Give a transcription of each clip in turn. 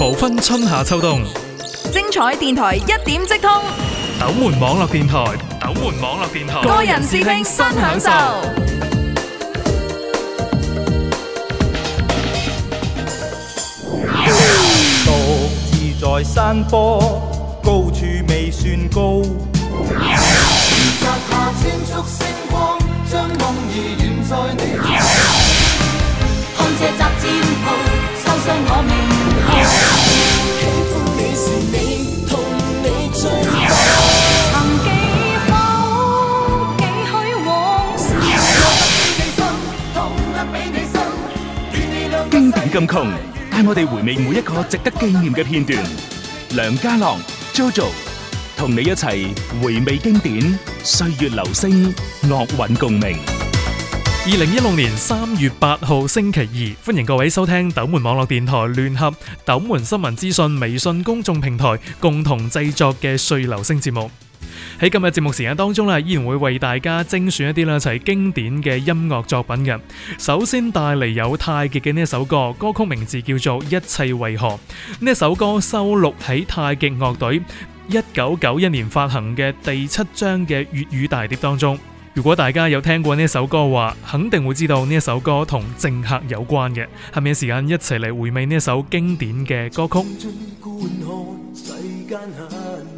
無分春夏秋冬，精彩電台一點即通。斗門網絡電台，斗門網絡電台，個人視聽新享受。獨自在山坡，高處未算高。夜下閃爍星光，將夢兒染在你。貧窮帶我哋回味每一個值得紀念嘅片段。梁家樂 JoJo 同你一齊回味經典歲月留聲，樂韻共鳴。二零一六年三月八號星期二，歡迎各位收聽斗門網絡電台聯合斗門新聞資訊微信公眾平台共同製作嘅歲月留聲節目。喺今日節目時間當中呢，依然會為大家精選一啲呢就係經典嘅音樂作品嘅。首先帶嚟有太極嘅呢一首歌，歌曲名字叫做《一切為何》。呢一首歌收錄喺太極樂隊一九九一年發行嘅第七張嘅粵語大碟當中。如果大家有聽過呢一首歌嘅話，肯定會知道呢一首歌同政客有關嘅。下面嘅時間一齊嚟回味呢一首經典嘅歌曲。冠冠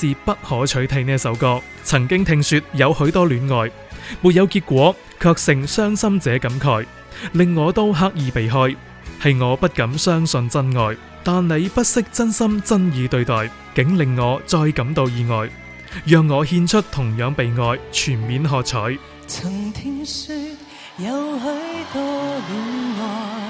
是不可取替呢首歌。曾經聽說有許多戀愛，沒有結果，却成傷心者感慨，令我都刻意避開。係我不敢相信真愛，但你不惜真心真意對待，竟令我再感到意外，讓我獻出同樣被愛，全面喝彩。曾聽說有許多戀愛。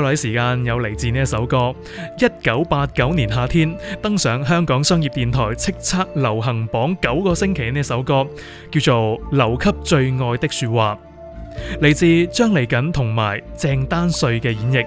再嚟時間有嚟自呢一首歌，一九八九年夏天登上香港商業電台叱咤流行榜九個星期呢一首歌，叫做《留給最愛的說話》，嚟自張立基同埋鄭丹瑞嘅演繹。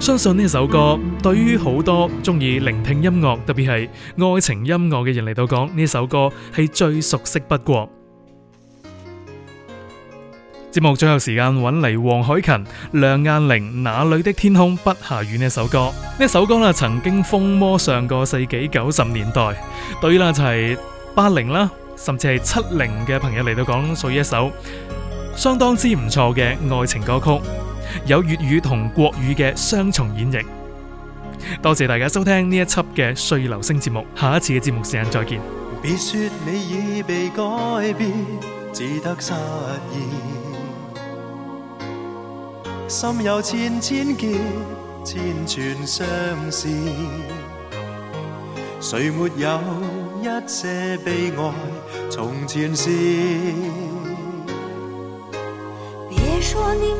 相信呢首歌對於好多中意聆聽音樂，特別係愛情音樂嘅人嚟到講，呢首歌係最熟悉不過。節目最後時間揾嚟黃海芹、梁雁翎《哪裏的天空不下雨》呢首歌，呢首歌曾經風魔上個世紀九十年代，對於啦就係八零啦，甚至係七零嘅朋友嚟到講，屬於一首相當之唔錯嘅愛情歌曲。有粵語同國語嘅雙重演繹，多謝大家收聽呢一輯嘅歲月留聲節目，下一次嘅節目時間再見。別說你已被改變，只得失意。心有千千結，千串相思。誰沒有一切悲哀從前事？